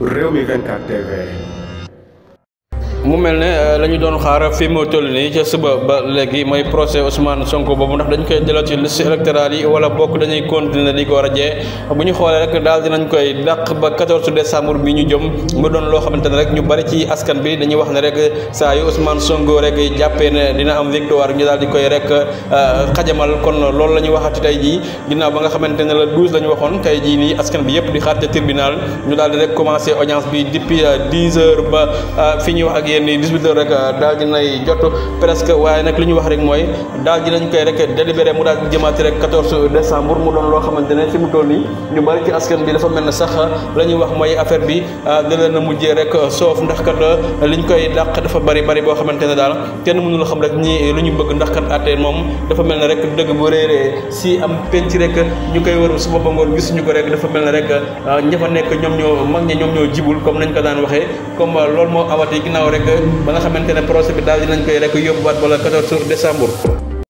Rewmi 24 TV mu mel ne euh, la ñu doon xaar fi moo toll nii ca suba ba léegi mooy procès Ousmane Sonko boobu ndax dañ koy jëlaat ci liste électorale yi wala bokk dañuy continuer di ko rajee bu ñu xoolee rek daal dinañ koy dàq ba 14 décembre bi ñu jëm mu doon loo xamante ne rek ñu bari ci askan bi dañuy wax ne rek saa yu Ousmane Sonko rek jàppee ne dina am victoire ñu daal di koy rek euh, xajamal kon loolu la ñuy waxati tey jii ginnaaw ba nga xamante ne la 12 la ñu waxoon tey jii nii askan bi yëpp di xaar ca tribunal ñu daal di rek commencé audience bi depuis 10 euh, heures ba fi yéen ni 18 rek euh, daal di jot presque waaye nag li ñu wax rek mooy daal di nañ koy rek délibéré mu daal di jëmaati rek 14 décembre mu doon loo xamante ne fi mu toll nii ñu bari ci askan bi dafa mel ne sax la ñuy wax mooy affaire bi euh, da leen mujjee rek soof ndax kat euh, liñ koy dàq dafa bari bari boo xamante ne daal kenn mënul xam rek ñi lu ñu bëgg ndax kat àtte moom dafa mel ne rek dëgg bu réeree si am penc rek ñu koy wër su booba ngoon gisuñu ko rek dafa mel ne rek ña fa nekk ñoom ñoo mag ñi ñoom ñoo jibul comme nañ ko daan waxee comme loolu moo awatee ginnaaw rek ba nga xamante ne procès bi daal dinañ koy rek yóbbuwaat wala 14 décembre.